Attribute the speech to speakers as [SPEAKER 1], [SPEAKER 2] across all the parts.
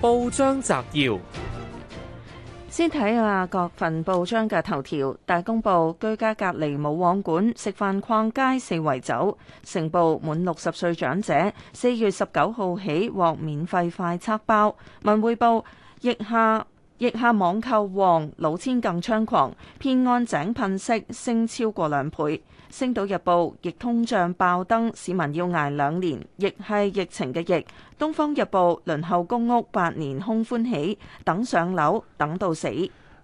[SPEAKER 1] 報章摘要：
[SPEAKER 2] 先睇下各份報章嘅頭條。大公報：居家隔離冇網管，食飯逛街四圍走。成報：滿六十歲長者，四月十九號起獲免費快測包。文匯報：疫下。疫下網購旺，老千更猖狂；騙案井噴式升超過兩倍。星島日報：疫通脹爆燈，市民要捱兩年。疫係疫情嘅疫。東方日報：輪候公屋八年，空歡喜，等上樓等到死。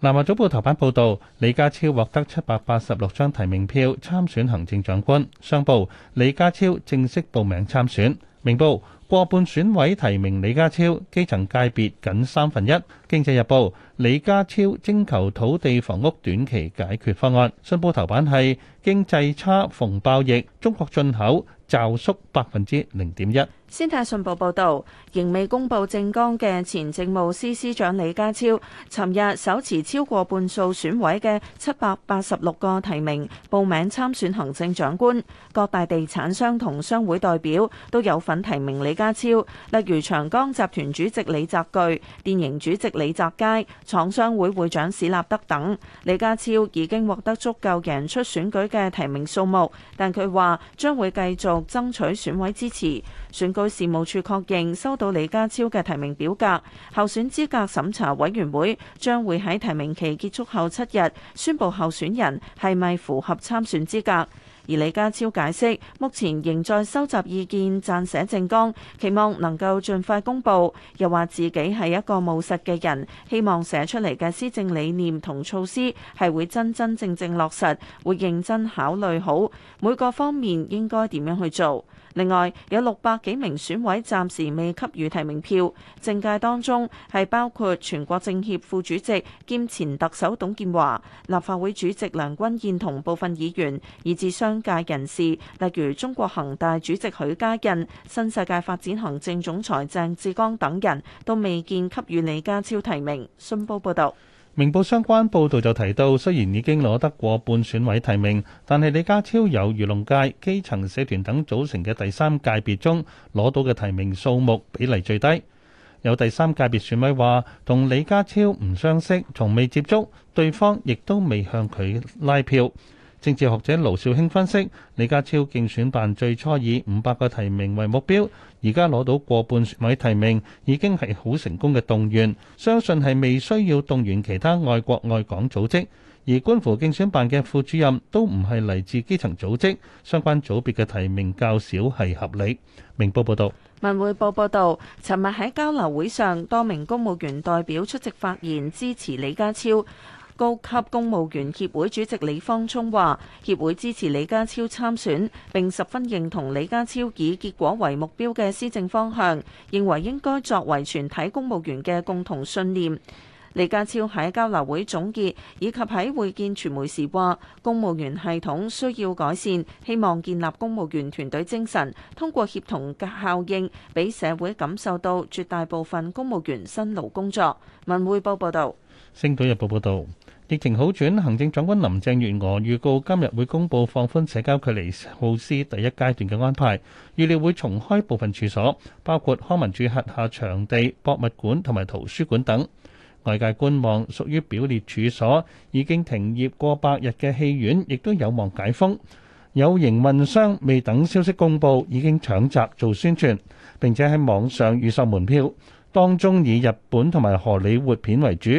[SPEAKER 1] 南華早報頭版報導，李家超獲得七百八十六張提名票參選行政長官。商報：李家超正式報名參選。明報過半選委提名李家超，基層界別僅三分一。經濟日報李家超徵求土地房屋短期解決方案。信報頭版係經濟差逢爆疫，中國進口驟縮百分之零點一。
[SPEAKER 2] 《先睇信報》報道，仍未公布政綱嘅前政務司司長李家超，尋日手持超過半數選委嘅七百八十六個提名報名參選行政長官。各大地產商同商會代表都有份提名李家超，例如長江集團主席李澤鉅、電盈主席李澤楷、廠商會會長史立德等。李家超已經獲得足夠贏出選舉嘅提名數目，但佢話將會繼續爭取選委支持選舉。據事務處確認收到李家超嘅提名表格，候選資格審查委員會將會喺提名期結束後七日宣布候選人係咪符合參選資格。而李家超解釋，目前仍在收集意見，撰寫政綱，期望能夠盡快公布。又話自己係一個務實嘅人，希望寫出嚟嘅施政理念同措施係會真真正正落實，會認真考慮好每個方面應該點樣去做。另外，有六百幾名選委暫時未給予提名票，政界當中係包括全國政協副主席兼前特首董建華、立法會主席梁君彥同部分議員，以至商界人士，例如中國恒大主席許家印、新世界發展行政總裁鄭志剛等人都未見給予李家超提名。信報報道。
[SPEAKER 1] 明報相關報導就提到，雖然已經攞得過半選委提名，但係李家超由漁農界、基層社團等組成嘅第三界別中攞到嘅提名數目比例最低。有第三界別選委話：同李家超唔相識，從未接觸，對方亦都未向佢拉票。政治學者盧兆興分析，李家超競選辦最初以五百個提名為目標，而家攞到過半選位提名，已經係好成功嘅動員，相信係未需要動員其他愛國愛港組織，而觀乎競選辦嘅副主任都唔係嚟自基層組織，相關組別嘅提名較少係合理。明報報道，
[SPEAKER 2] 文匯報報道，尋日喺交流會上，多名公務員代表出席發言支持李家超。高級公務員協會主席李方聰話，協會支持李家超參選，並十分認同李家超以結果為目標嘅施政方向，認為應該作為全體公務員嘅共同信念。李家超喺交流會總結以及喺會見傳媒時話，公務員系統需要改善，希望建立公務員團隊精神，通過協同嘅效應，俾社會感受到絕大部分公務員辛勞工作。文匯報報道，
[SPEAKER 1] 星島日報報道。疫情好轉，行政長官林鄭月娥預告今日會公布放寬社交距離措施第一階段嘅安排，預料會重開部分處所，包括康文署轄下場地、博物館同埋圖書館等。外界觀望屬於表列處所已經停業過百日嘅戲院，亦都有望解封。有營運商未等消息公布，已經搶閘做宣傳，並且喺網上預售門票，當中以日本同埋荷里活片為主。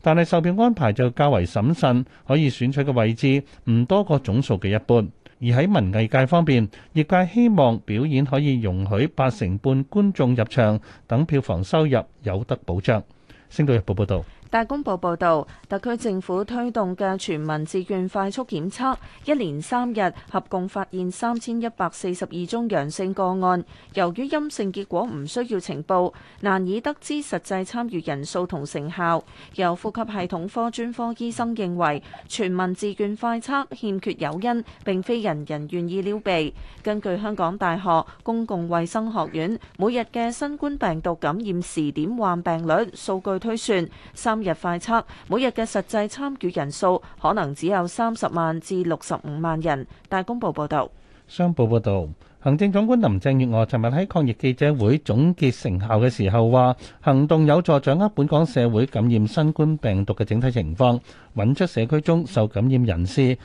[SPEAKER 1] 但係售票安排就較為審慎，可以選取嘅位置唔多過總數嘅一半。而喺文藝界方面，業界希望表演可以容許八成半觀眾入場，等票房收入有得保障。星島日報報導。
[SPEAKER 2] 大公報報導，特區政府推動嘅全民自願快速檢測，一連三日合共發現三千一百四十二宗陽性個案。由於陰性結果唔需要呈報，難以得知實際參與人數同成效。有呼吸系統科專科醫生認為，全民自願快測欠缺誘因，並非人人願意撩鼻。根據香港大學公共衛生學院每日嘅新冠病毒感染時點患病率數據推算，三今日快測，每日嘅實際參與人數可能只有三十萬至六十五萬人。大公報報導，
[SPEAKER 1] 商報報導，行政長官林鄭月娥尋日喺抗疫記者會總結成效嘅時候話，行動有助掌握本港社會感染新冠病毒嘅整體情況，揾出社區中受感染人士，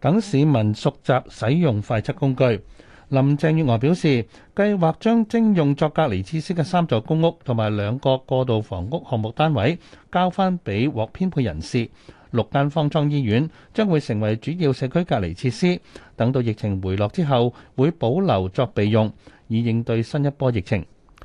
[SPEAKER 1] 等市民熟習使用快測工具。林鄭月娥表示，計劃將徵用作隔離設施嘅三座公屋同埋兩個過渡房屋項目單位交翻俾獲編配人士。六間方艙醫院將會成為主要社區隔離設施，等到疫情回落之後，會保留作備用，以應對新一波疫情。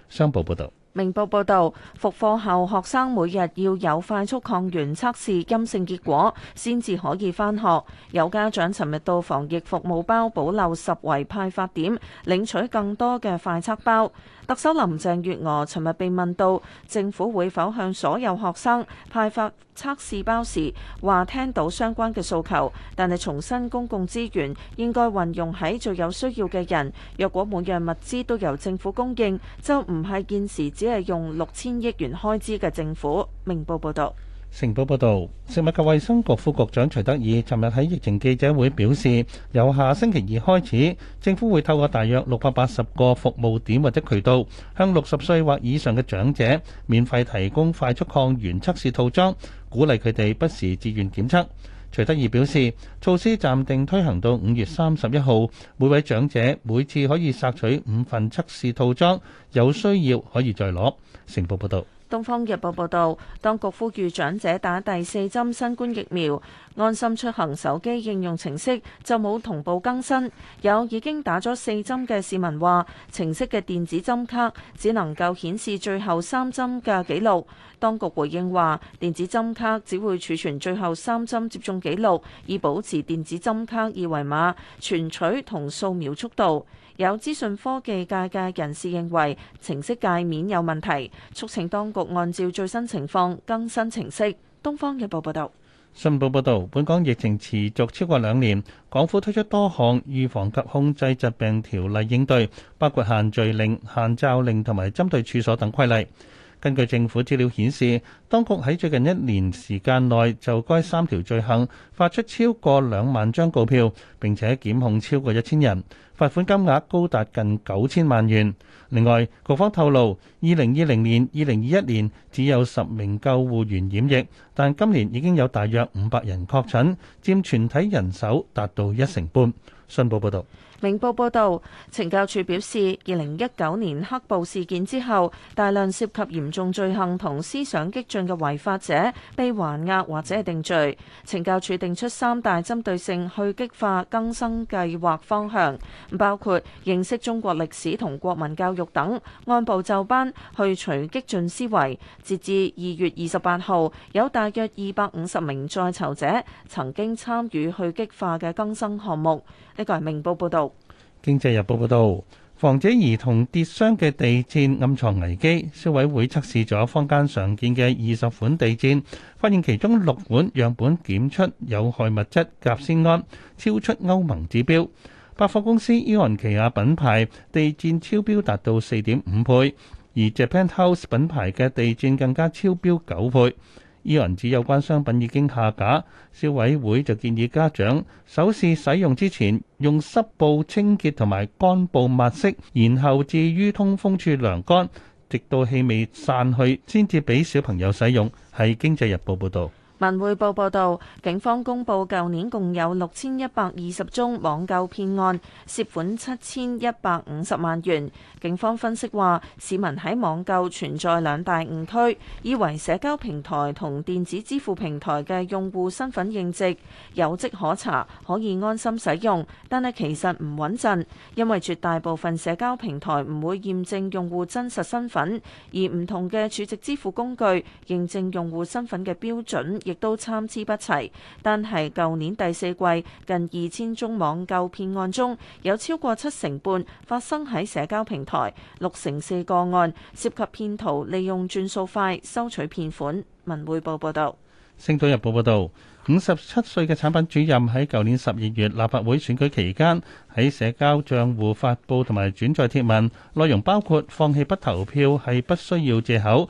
[SPEAKER 1] 商報報道。
[SPEAKER 2] 明報報導，復課後學生每日要有快速抗原測試陰性結果，先至可以返學。有家長尋日到防疫服務包保留十圍派發點，領取更多嘅快測包。特首林鄭月娥尋日被問到，政府會否向所有學生派發測試包時，話聽到相關嘅訴求，但係重申公共資源應該運用喺最有需要嘅人。若果每樣物資都由政府供應，就唔係現時只係用六千億元開支嘅政府。明報報導，
[SPEAKER 1] 成報報導，食物及衛生局副，副局長徐德義尋日喺疫情記者會表示，由下星期二開始，政府會透過大約六百八十個服務點或者渠道，向六十歲或以上嘅長者免費提供快速抗原測試套裝。鼓勵佢哋不時自願檢測。徐德義表示，措施暫定推行到五月三十一號，每位長者每次可以索取五份測試套裝，有需要可以再攞。成報報道。
[SPEAKER 2] 《東方日報》報導，當局呼籲長者打第四針新冠疫苗，安心出行手機應用程式就冇同步更新。有已經打咗四針嘅市民話，程式嘅電子針卡只能夠顯示最後三針嘅記錄。當局回應話，電子針卡只會儲存最後三針接種記錄，以保持電子針卡二維碼存取同掃描速度。有資訊科技界嘅人士認為程式界面有問題，促請當局按照最新情況更新程式。《東方日報》報道。
[SPEAKER 1] 信報報道，本港疫情持續超過兩年，港府推出多項預防及控制疾病條例應對，包括限聚令、限罩令同埋針對處所等規例。根據政府資料顯示，當局喺最近一年時間內就該三條罪行發出超過兩萬張告票，並且檢控超過一千人，罰款金額高達近九千萬元。另外，局方透露，二零二零年、二零二一年只有十名救護員染疫，但今年已經有大約五百人確診，佔全體人手達到一成半。信報報導。
[SPEAKER 2] 明報報導，懲教處表示，二零一九年黑暴事件之後，大量涉及嚴重罪行同思想激進嘅違法者被還押或者係定罪。懲教處定出三大針對性去激化更生計劃方向，包括認識中國歷史同國民教育等，按部就班去除激進思維。截至二月二十八號，有大約二百五十名在囚者曾經參與去激化嘅更生項目。呢個係明報報導。
[SPEAKER 1] 經濟日報報導，防止兒童跌傷嘅地墊暗藏危機。消委會測試咗坊間常見嘅二十款地墊，發現其中六款樣本檢出有害物質甲酰胺，超出歐盟指標。百貨公司伊雲奇亞品牌地墊超標達到四點五倍，而 Japan House 品牌嘅地墊更加超標九倍。伊雲指有關商品已經下架，消委會就建議家長首次使用之前，用濕布清潔同埋乾布抹拭，然後置於通風處晾乾，直到氣味散去先至俾小朋友使用。係《經濟日報》報道。
[SPEAKER 2] 文匯報報道，警方公布舊年共有六千一百二十宗網購騙案，涉款七千一百五十萬元。警方分析話，市民喺網購存在兩大誤區，以為社交平台同電子支付平台嘅用戶身份認證有跡可查，可以安心使用，但係其實唔穩陣，因為絕大部分社交平台唔會驗證用戶真實身份，而唔同嘅儲值支付工具認證用戶身份嘅標準。亦都參差不齊，但係舊年第四季近二千宗網購騙案中，有超過七成半發生喺社交平台，六成四個案涉及騙徒利用轉數快收取騙款。文匯報報道，
[SPEAKER 1] 《星島日報》報道：「五十七歲嘅產品主任喺舊年十二月立法會選舉期間喺社交帳戶發布同埋轉載貼文，內容包括放棄不投票係不需要藉口。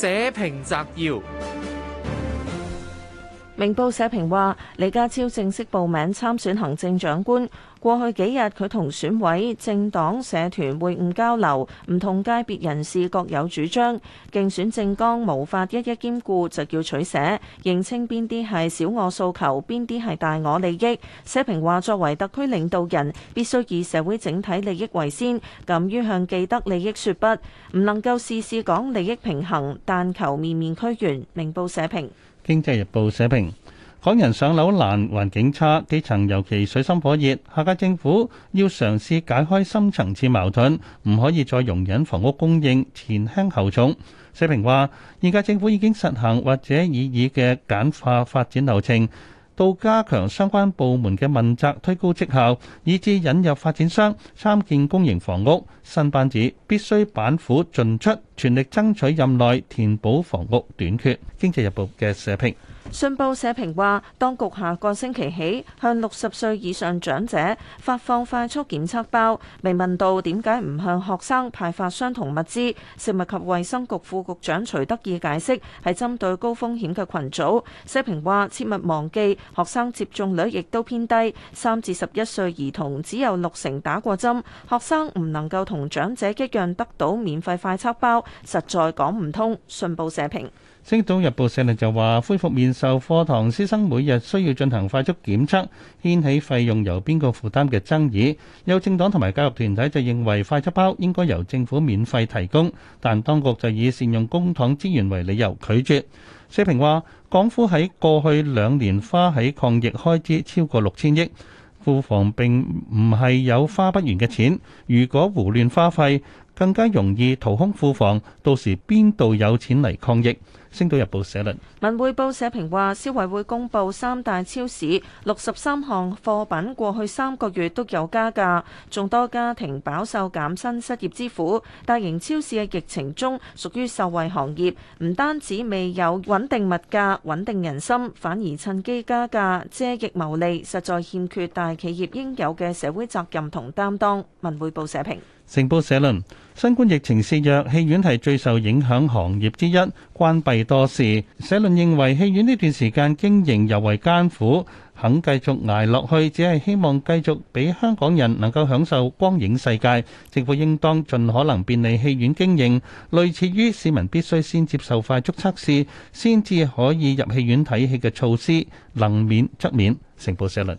[SPEAKER 2] 寫評摘要。明報社評話，李家超正式報名參選行政長官。過去幾日，佢同選委、政黨、社團會晤交流，唔同界別人士各有主張，競選政綱無法一一兼顧，就叫取捨，認清邊啲係小我訴求，邊啲係大我利益。社評話，作為特區領導人，必須以社會整體利益為先，敢於向既得利益說不，唔能夠事事講利益平衡，但求面面俱圓。明報社評。
[SPEAKER 1] 《經濟日報》社評：港人上樓難，環境差，基層尤其水深火熱，下屆政府要嘗試解開深層次矛盾，唔可以再容忍房屋供應前輕後重。社評話：現屆政府已經實行或者已以嘅簡化發展流程。到加強相關部門嘅問責推高績效，以至引入發展商參建公營房屋。新班子必須板斧盡出，全力爭取任內填補房屋短缺。《經濟日報》嘅社評。
[SPEAKER 2] 信報社評話，當局下個星期起向六十歲以上長者發放快速檢測包，未問到點解唔向學生派發相同物資。食物及衛生局副局長徐德義解釋係針對高風險嘅群組。社評話，切勿忘記學生接種率亦都偏低，三至十一歲兒童只有六成打過針。學生唔能夠同長者一樣得到免費快測包，實在講唔通。信報社評。
[SPEAKER 1] 《星島日報》社論就話：恢復面授課堂，師生每日需要進行快速檢測，掀起費用由邊個負擔嘅爭議。有政黨同埋教育團體就認為快速包應該由政府免費提供，但當局就以善用公帑資源為理由拒絕。社評話：港府喺過去兩年花喺抗疫開支超過六千億，庫房並唔係有花不完嘅錢，如果胡亂花費，更加容易掏空庫房，到時邊度有錢嚟抗疫？星島日報社論。
[SPEAKER 2] 文匯報社評話，消委會公佈三大超市六十三項貨品過去三個月都有加價，眾多家庭飽受減薪失業之苦。大型超市喺疫情中屬於受惠行業，唔單止未有穩定物價，穩定人心，反而趁機加價，借疫牟利，實在欠缺大企業應有嘅社會責任同擔當，文匯報社評。
[SPEAKER 1] 成報社論：新冠疫情肆虐，戲院係最受影響行業之一，關閉多時。社論認為，戲院呢段時間經營尤為艱苦，肯繼續挨落去，只係希望繼續俾香港人能夠享受光影世界。政府應當盡可能便利戲院經營，類似於市民必須先接受快速測試，先至可以入戲院睇戲嘅措施，能免則免。成報社論。